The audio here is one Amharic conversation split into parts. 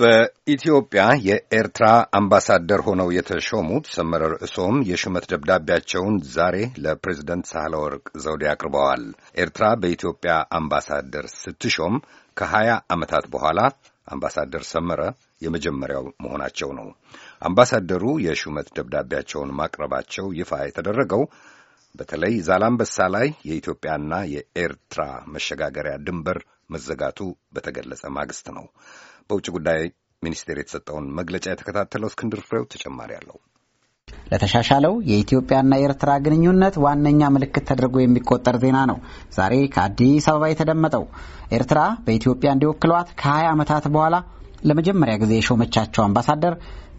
በኢትዮጵያ የኤርትራ አምባሳደር ሆነው የተሾሙት ሰመረ ርዕሶም የሹመት ደብዳቤያቸውን ዛሬ ለፕሬዝደንት ሳህለወርቅ ዘውዴ አቅርበዋል። ኤርትራ በኢትዮጵያ አምባሳደር ስትሾም ከሀያ ዓመታት በኋላ አምባሳደር ሰመረ የመጀመሪያው መሆናቸው ነው። አምባሳደሩ የሹመት ደብዳቤያቸውን ማቅረባቸው ይፋ የተደረገው በተለይ ዛላምበሳ ላይ የኢትዮጵያና የኤርትራ መሸጋገሪያ ድንበር መዘጋቱ በተገለጸ ማግስት ነው። በውጭ ጉዳይ ሚኒስቴር የተሰጠውን መግለጫ የተከታተለው እስክንድር ፍሬው ተጨማሪ አለው። ለተሻሻለው የኢትዮጵያና የኤርትራ ግንኙነት ዋነኛ ምልክት ተደርጎ የሚቆጠር ዜና ነው ዛሬ ከአዲስ አበባ የተደመጠው። ኤርትራ በኢትዮጵያ እንዲወክሏት ከ20 ዓመታት በኋላ ለመጀመሪያ ጊዜ የሾመቻቸው አምባሳደር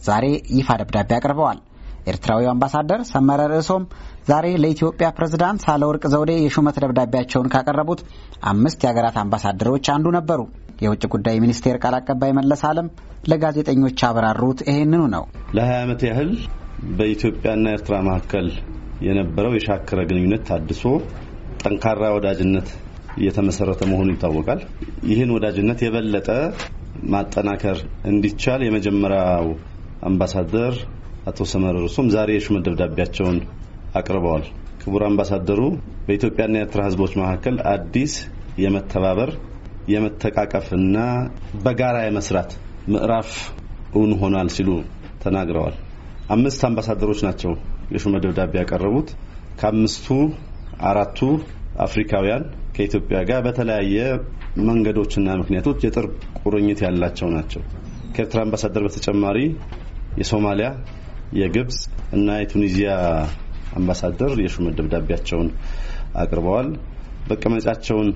ዛሬ ይፋ ደብዳቤ አቅርበዋል። ኤርትራዊው አምባሳደር ሰመረ ርዕሶም ዛሬ ለኢትዮጵያ ፕሬዝዳንት ሳለወርቅ ዘውዴ የሹመት ደብዳቤያቸውን ካቀረቡት አምስት የሀገራት አምባሳደሮች አንዱ ነበሩ። የውጭ ጉዳይ ሚኒስቴር ቃል አቀባይ መለስ አለም ለጋዜጠኞች አብራሩት ይሄንኑ ነው። ለ20 ዓመት ያህል በኢትዮጵያና ኤርትራ መካከል የነበረው የሻከረ ግንኙነት ታድሶ ጠንካራ ወዳጅነት እየተመሰረተ መሆኑ ይታወቃል። ይህን ወዳጅነት የበለጠ ማጠናከር እንዲቻል የመጀመሪያው አምባሳደር አቶ ሰመረ እርሶም ዛሬ የሹመት ደብዳቤያቸውን አቅርበዋል። ክቡር አምባሳደሩ በኢትዮጵያና የኤርትራ ህዝቦች መካከል አዲስ የመተባበር የመተቃቀፍና በጋራ የመስራት ምዕራፍ እውን ሆኗል ሲሉ ተናግረዋል። አምስት አምባሳደሮች ናቸው የሹመት ደብዳቤ ያቀረቡት። ከአምስቱ አራቱ አፍሪካውያን ከኢትዮጵያ ጋር በተለያየ መንገዶችና ምክንያቶች የጥርብ ቁርኝት ያላቸው ናቸው። ከኤርትራ አምባሳደር በተጨማሪ የሶማሊያ የግብጽ እና የቱኒዚያ አምባሳደር የሹመት ደብዳቤያቸውን አቅርበዋል። መቀመጫቸውን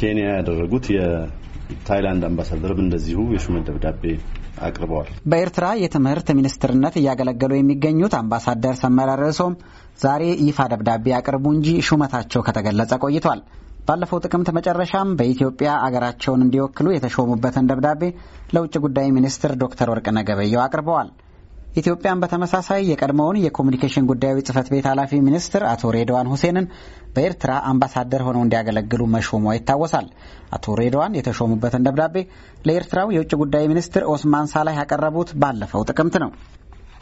ኬንያ ያደረጉት የታይላንድ አምባሳደርም እንደዚሁ የሹመት ደብዳቤ አቅርበዋል። በኤርትራ የትምህርት ሚኒስትርነት እያገለገሉ የሚገኙት አምባሳደር ሰመረ ርዕሶም ዛሬ ይፋ ደብዳቤ አቅርቡ እንጂ ሹመታቸው ከተገለጸ ቆይቷል። ባለፈው ጥቅምት መጨረሻም በኢትዮጵያ አገራቸውን እንዲወክሉ የተሾሙበትን ደብዳቤ ለውጭ ጉዳይ ሚኒስትር ዶክተር ወርቅነህ ገበየሁ አቅርበዋል። ኢትዮጵያን በተመሳሳይ የቀድሞውን የኮሚኒኬሽን ጉዳዮች ጽህፈት ቤት ኃላፊ ሚኒስትር አቶ ሬድዋን ሁሴንን በኤርትራ አምባሳደር ሆነው እንዲያገለግሉ መሾሟ ይታወሳል። አቶ ሬድዋን የተሾሙበትን ደብዳቤ ለኤርትራው የውጭ ጉዳይ ሚኒስትር ኦስማን ሳላህ ያቀረቡት ባለፈው ጥቅምት ነው።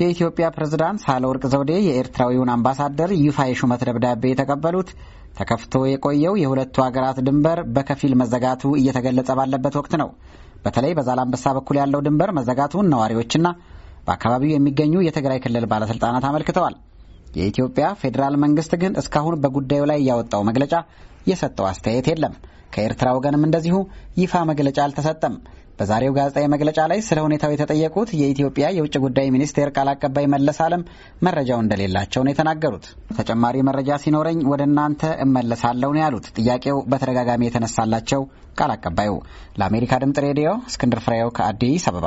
የኢትዮጵያ ፕሬዝዳንት ሳህለወርቅ ዘውዴ የኤርትራዊውን አምባሳደር ይፋ የሹመት ደብዳቤ የተቀበሉት ተከፍቶ የቆየው የሁለቱ ሀገራት ድንበር በከፊል መዘጋቱ እየተገለጸ ባለበት ወቅት ነው። በተለይ በዛላምበሳ በኩል ያለው ድንበር መዘጋቱን ነዋሪዎችና በአካባቢው የሚገኙ የትግራይ ክልል ባለስልጣናት አመልክተዋል። የኢትዮጵያ ፌዴራል መንግስት ግን እስካሁን በጉዳዩ ላይ ያወጣው መግለጫ የሰጠው አስተያየት የለም። ከኤርትራ ወገንም እንደዚሁ ይፋ መግለጫ አልተሰጠም። በዛሬው ጋዜጣዊ መግለጫ ላይ ስለ ሁኔታው የተጠየቁት የኢትዮጵያ የውጭ ጉዳይ ሚኒስቴር ቃል አቀባይ መለስ አለም መረጃው እንደሌላቸው ነው የተናገሩት። ተጨማሪ መረጃ ሲኖረኝ ወደ እናንተ እመለሳለሁ ነው ያሉት። ጥያቄው በተደጋጋሚ የተነሳላቸው ቃል አቀባዩ ለአሜሪካ ድምጽ ሬዲዮ እስክንድር ፍሬው ከአዲስ አበባ